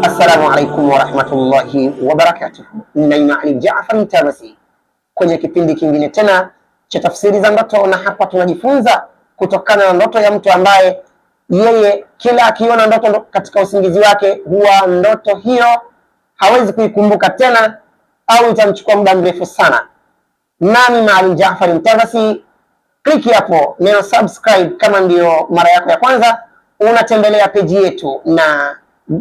Assalamu alaikum warahmatullahi wabarakatuh. Ninaima Ali Jaafar Mtavassy kwenye kipindi kingine tena cha tafsiri za ndoto, na hapa tunajifunza kutokana na ndoto ya mtu ambaye yeye kila akiona ndoto katika usingizi wake huwa ndoto hiyo hawezi kuikumbuka tena au itamchukua muda mrefu sana. Nami Maalim Jaafar Mtavassy Kliki hapo neno subscribe kama ndio mara yako ya kwanza unatembelea peji yetu, na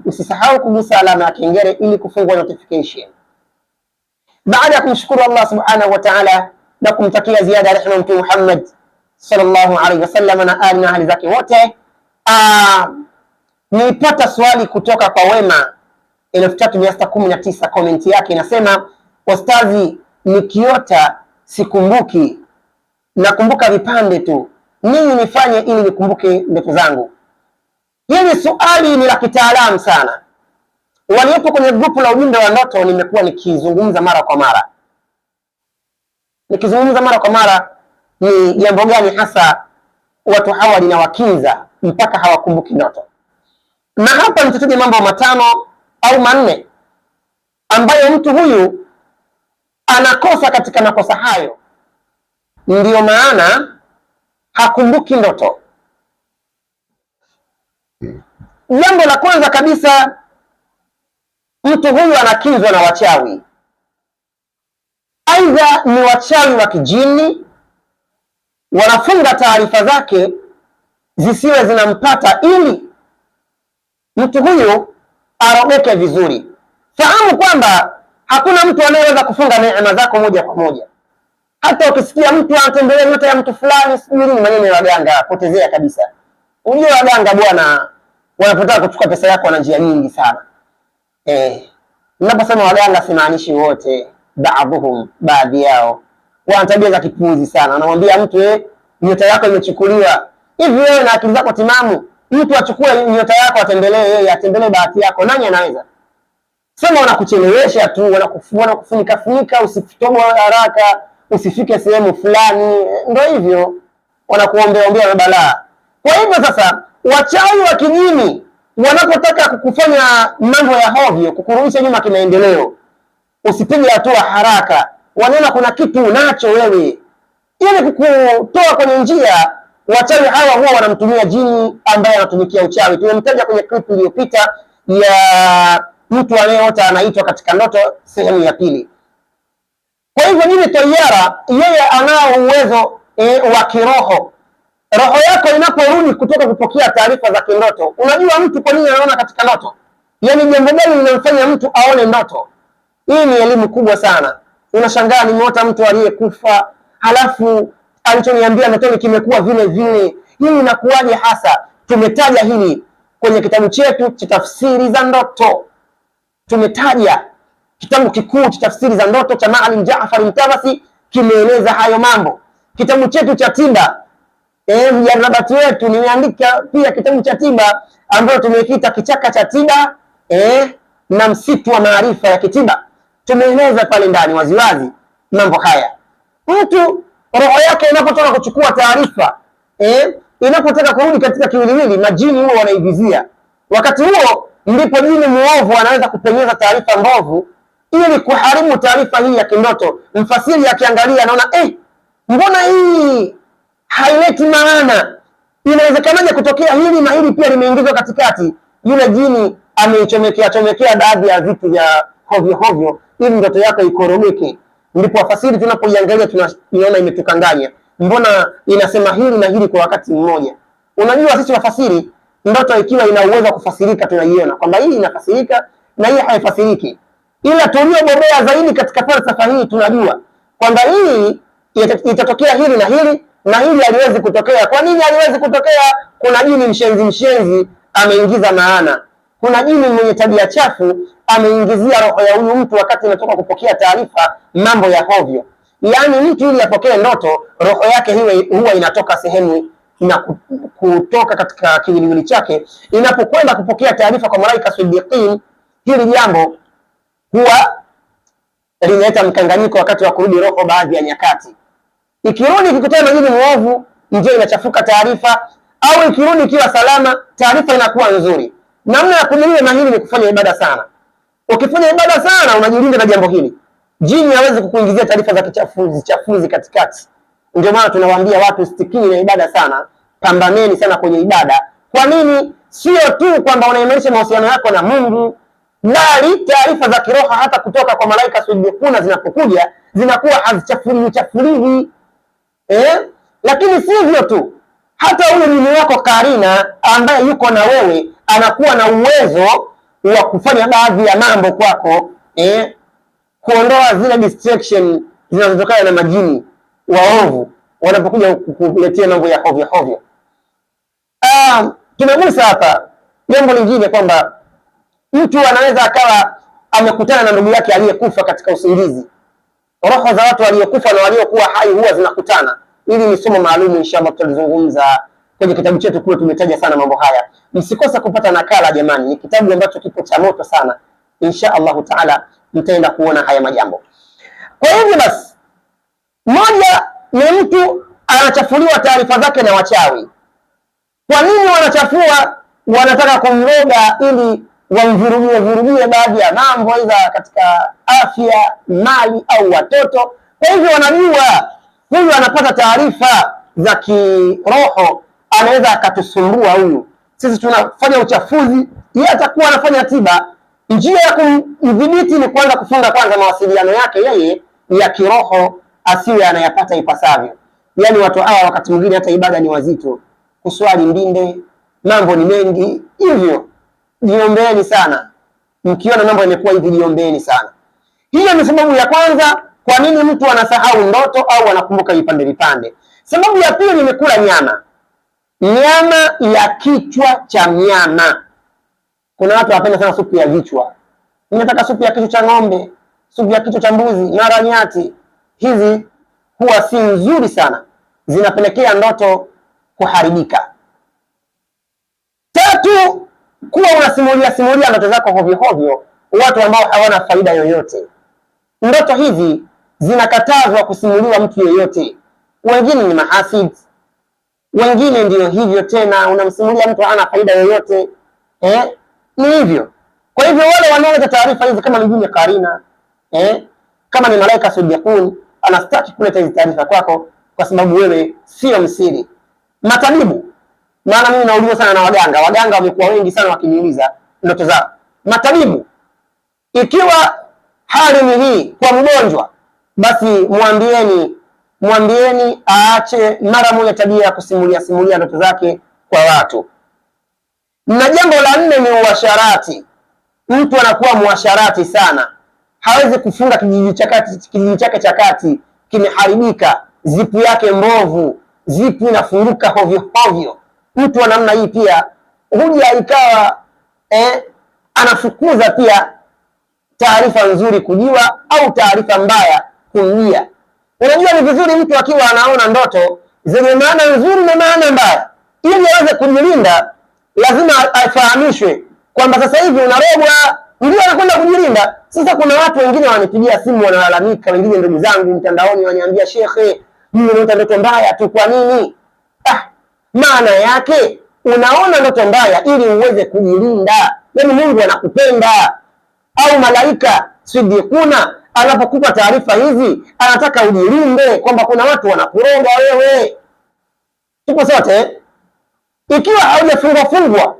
usisahau kugusa alama ya kengele ili kufungua notification. Baada ya kumshukuru Allah subhanahu wa ta'ala na kumtakia ziada rehema Mtume Muhammad sallallahu alaihi wasallam na ali na ahli zake wote, ah, nilipata swali kutoka kwa Wema elfu tatu kumi yake inasema, wastazi nikiota sikumbuki nakumbuka vipande tu, nini nifanye ili nikumbuke ndoto zangu? Hili suali ni la kitaalamu sana. Waliopo kwenye grupu la ujumbe wa ndoto, nimekuwa nikizungumza mara kwa mara, nikizungumza mara kwa mara ni jambo gani hasa watu hawa linawakinza mpaka hawakumbuki ndoto. Na hapa nitataja mambo matano au manne ambayo mtu huyu anakosa katika makosa hayo. Ndiyo maana hakumbuki ndoto. Jambo la kwanza kabisa, mtu huyu anakizwa na wachawi, aidha ni wachawi wa kijini, wanafunga taarifa zake zisiwe zinampata ili mtu huyu arogoke vizuri. Fahamu kwamba hakuna mtu anayeweza kufunga neema zako moja kwa moja. Hata ukisikia mtu anatembelea nyota ya mtu fulani, sijui nini, maneno ya waganga, potezea kabisa. Unajua waganga bwana, wanapotaka kuchukua pesa yako na njia nyingi sana eh. Ninaposema waganga simaanishi wote, baadhuhum, baadhi yao wana tabia za kipuzi sana. Anamwambia mtu eh, nyota yako imechukuliwa. Hivi wewe na akili zako timamu, mtu achukue nyota yako atembelee yeye, atembelee bahati yako, nani anaweza? Sema wanakuchelewesha tu, wanakufunika funika, usitoboe haraka usifike sehemu fulani, ndio hivyo wanakuombeaombea na balaa. Kwa hivyo sasa, wachawi wa kijini wanapotaka kukufanya mambo ya hovyo, kukurudisha nyuma kimaendeleo, usipige hatua haraka. Wanaona kuna kitu unacho wewe, ili kukutoa kwenye njia. Wachawi hawa huwa wanamtumia jini ambaye anatumikia uchawi. Tumemtaja kwenye clip iliyopita ya mtu anayeota anaitwa katika ndoto, sehemu ya pili. Kwa hivyo ile toyara yeye anao uwezo e, wa kiroho. Roho yako inaporudi kutoka kupokea taarifa za kindoto, unajua mtu kwa nini anaona katika ndoto, yaani jambo gani linamfanya mtu aone ndoto. Hii ni elimu kubwa sana. Unashangaa, nimeota mtu aliyekufa halafu alichoniambia ndotoni kimekuwa vile vile. Hii inakuwaje hasa? Tumetaja hili kwenye kitabu chetu cha tafsiri za ndoto, tumetaja Kitabu kikuu cha tafsiri za ndoto cha Maalim Jaafar Mtavassy kimeeleza hayo mambo. Kitabu chetu cha tiba e, eh, mjarabati wetu nimeandika pia kitabu cha tiba ambayo tumekita kichaka cha tiba e, na msitu wa maarifa ya kitiba. Tumeeleza pale ndani waziwazi mambo haya. Mtu roho yake inapotaka kuchukua taarifa e, inapotaka kurudi katika kiwiliwili, majini huo wanaivizia. Wakati huo ndipo jini muovu anaweza kupenyeza taarifa mbovu ili kuharibu taarifa hii ya kindoto. Mfasiri akiangalia anaona eh, mbona hii haileti maana? Inawezekanaje kutokea hili na hili pia limeingizwa katikati? Yule jini ameichomekea chomekea baadhi ya vitu vya hovyo hovyo ili ndoto yako ikoromeke. Ndipo wafasiri tunapoiangalia tunaona imetukanganya, mbona inasema hili na hili kwa wakati mmoja. Unajua sisi wafasiri, ndoto ikiwa ina uwezo wa kufasirika tunaiona kwamba hii inafasirika na hii haifasiriki ila tuliobobea zaidi katika falsafa hii tunajua kwamba hii itatokea hili na hili na hili haliwezi kutokea. Kwa nini haliwezi kutokea? Kuna jini mshenzi mshenzi ameingiza maana, kuna jini mwenye tabia chafu ameingizia roho ya huyu mtu wakati anatoka kupokea taarifa mambo ya hovyo. Yaani mtu ili apokee ndoto, roho yake hiwe huwa inatoka sehemu na kutoka katika kiwiliwili chake, inapokwenda kupokea taarifa kwa malaika Sidiqin, hili jambo huwa linaleta mkanganyiko wakati wa kurudi roho baadhi ya nyakati. Ikirudi ikikutana na mwovu, njia inachafuka taarifa, au ikirudi ikiwa salama, taarifa inakuwa nzuri. Namna ya kujilinda na hili ni kufanya ibada sana. Ukifanya ibada sana, unajilinda na jambo hili. Jini hawezi kukuingizia taarifa za kichafuzi chafuzi katikati. Ndio maana tunawaambia watu stikini na ibada sana, pambaneni sana kwenye ibada. Kwa nini? Sio tu kwamba unaimarisha mahusiano yako na Mungu bali taarifa za kiroho hata kutoka kwa malaika sujukuna zinapokuja zinakuwa hazichafuliwi chafuliwi eh? Lakini hivyo tu, hata huyo mume wako karina ambaye yuko na wewe anakuwa na uwezo wa kufanya baadhi ya mambo kwako eh? Kuondoa zile distraction zinazotokana na majini waovu wanapokuja kukuletea mambo ya hovyo hovyo. Ah, tumegusa hapa jambo lingine kwamba Mtu anaweza akawa amekutana na ndugu yake aliyekufa katika usingizi. Roho za watu waliokufa na waliokuwa hai huwa zinakutana. Ili ni somo maalum, inshallah tutalizungumza kwenye kitabu chetu kule, tumetaja sana mambo haya. Msikose kupata nakala jamani, ni kitabu ambacho kipo cha moto sana. Insha Allahu taala mtaenda kuona haya majambo. Kwa hivyo basi, moja ni mtu anachafuliwa taarifa zake na wachawi. Kwa nini wanachafua? Wanataka kumroga ili wamvurumie vurumie baadhi ya mambo, aidha katika afya, mali au watoto. Kwa hivyo wanajua huyu anapata taarifa za kiroho, anaweza akatusumbua huyu, sisi tunafanya uchafuzi, yeye atakuwa anafanya tiba. Njia ya kumdhibiti ni kwanza kufunga kwanza mawasiliano yake yeye ya kiroho, asiwe anayapata ipasavyo. Yaani watu hawa wakati mwingine hata ibada ni wazito, kuswali mbinde, mambo ni mengi hivyo jiombeeni sana. Mkiona mambo yamekuwa hivi, jiombeeni sana. Hiyo ni sababu ya kwanza, kwa nini mtu anasahau ndoto au anakumbuka vipande vipande. Sababu ya pili, nimekula nyama, nyama ya kichwa cha mnyama. Kuna watu wanapenda sana supu ya vichwa. Ninataka supu ya kichwa cha ng'ombe, supu ya kichwa cha mbuzi, mara nyati. Hizi huwa si nzuri sana, zinapelekea ndoto kuharibika. Tatu, kuwa unasimulia simulia ndoto zako hovyo hovyo watu ambao hawana faida yoyote. Ndoto hizi zinakatazwa kusimuliwa mtu yoyote Wengine ni mahasid, wengine ndiyo hivyo tena, unamsimulia mtu hana faida yoyote eh? Ni hivyo. Kwa hivyo wale wanaoleta taarifa hizi kama ni Karina eh? kama ni malaika Sudiakun anastaki kuleta hizi taarifa kwako, kwa sababu wewe sio msiri. Matabibu maana mimi nauliza sana na waganga. Waganga wamekuwa wengi sana wakiniuliza ndoto zao. Matabibu, ikiwa hali ni hii kwa mgonjwa, basi mwambieni mwambieni aache mara moja tabia ya kusimulia simulia ndoto zake kwa watu. Na jambo la nne ni uasharati. Mtu anakuwa mwasharati sana, hawezi kufunga kijiji chake cha kati, kimeharibika, zipu yake mbovu, zipu inafunguka hovyo hovyo mtu wa namna hii pia huja ikawa eh, anafukuza pia taarifa nzuri kujiwa au taarifa mbaya kumjia. Unajua, ni vizuri mtu akiwa anaona ndoto zenye maana nzuri na maana mbaya, ili aweze kujilinda, lazima afahamishwe kwamba sasa hivi unarogwa, ndio anakwenda kujilinda. Sasa kuna watu wengine wanipigia simu wanalalamika, wengine ndugu zangu mtandaoni wananiambia, shekhe, mimi naota ndoto mbaya tu. Kwa nini? Maana yake unaona ndoto mbaya ili uweze kujilinda, yaani Mungu anakupenda. Au malaika Sidikuna anapokupa taarifa hizi, anataka ujilinde kwamba kuna watu wanakuroga wewe. Tuko sote, ikiwa haujafungwa fungwa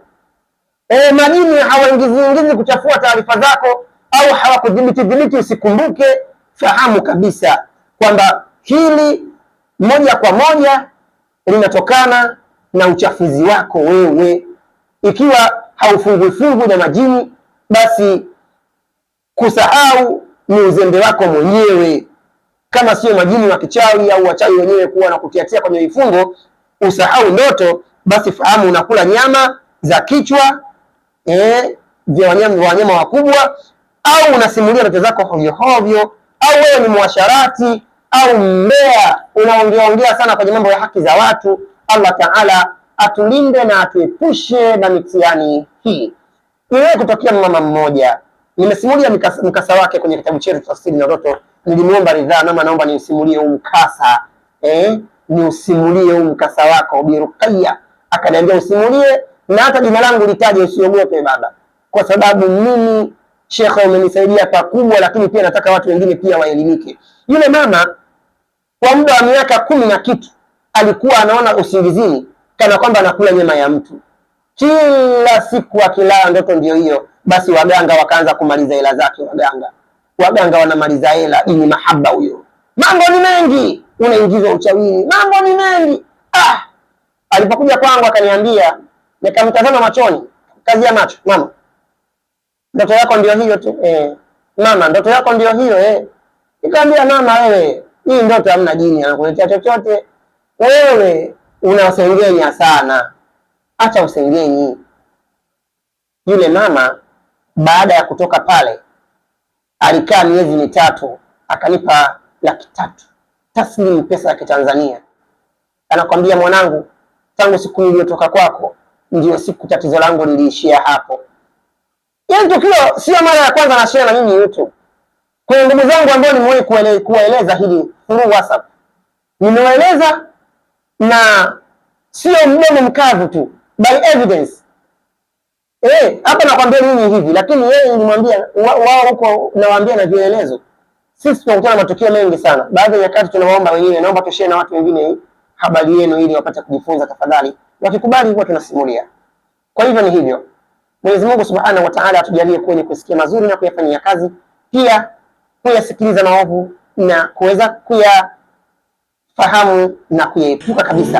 E, majini hawaingizi ingizi kuchafua taarifa zako au hawakudhibiti dhibiti, usikumbuke. Fahamu kabisa kwamba hili moja kwa moja linatokana na uchafuzi wako wewe. Ikiwa haufungwifungwi na majini, basi kusahau ni uzembe wako mwenyewe, kama sio majini wa kichawi au wachawi wenyewe kuwa na kutiatia kwenye vifungo, usahau ndoto, basi fahamu unakula nyama za kichwa eh, vya wanyama, wanyama wakubwa, au unasimulia ndoto zako hovyohovyo, au wewe ni mwasharati au mbea, unaongeaongea sana kwenye mambo ya haki za watu. Allah Taala atulinde na atuepushe na mitihani hii. Niwee kutokea mama mmoja, nimesimulia mkasa, mkasa wake kwenye kitabu chetu Tafsiri na Ndoto. Nilimuomba ridhaa, mama, naomba niusimulie huu mkasa eh, niusimulie huu mkasa wako Bi Ruqayya. Akaniambia usimulie, na hata jina langu litaje, usiogope baba, kwa sababu mimi shekhe umenisaidia pakubwa, lakini pia nataka watu wengine pia waelimike. Yule mama kwa muda wa miaka kumi na kitu alikuwa anaona usingizini kana kwamba anakula nyama ya mtu. Kila siku akilala ndoto ndio hiyo. Basi waganga wakaanza kumaliza hela zake. Waganga waganga wanamaliza hela, ini mahaba huyo. Mambo ni mengi, unaingizwa uchawini, mambo ni mengi. Ah, alipokuja kwangu akaniambia, nikamtazama machoni, kazi ya macho, mama, ndoto yako ndio hiyo tu eh. Mama, ndoto yako ndio hiyo eh. Nikamwambia mama, wewe hii ndoto hamna jini anakuletea chochote wewe unasengenya sana, acha usengenyi. Yule mama baada ya kutoka pale alikaa miezi mitatu, akanipa laki tatu taslimu, pesa ya Kitanzania. Anakwambia, mwanangu, tangu siku niliyotoka kwako ndio siku tatizo langu liliishia hapo. Yani tukio sio mara ya kwanza nashia na mimi YouTube. kwenye ndugu zangu ambao nimewahi kuwaeleza hili through WhatsApp, nimewaeleza na sio mdomo mkavu tu, by evidence eh, hapa nakwambia nini hivi, lakini yeye nilimwambia wao huko, nawaambia na vielelezo. Sisi tunakutana matukio mengi sana, baadhi ya nyakati tunawaomba wengine, naomba tushare na watu wengine habari yenu ili wapate kujifunza tafadhali. Wakikubali huwa tunasimulia. Kwa hivyo ni hivyo. Mwenyezi Mungu Subhanahu wa Ta'ala atujalie kwenye kusikia mazuri na kuyafanyia kazi, pia kuyasikiliza maovu na kuweza kuya fahamu na kuyaepuka kabisa.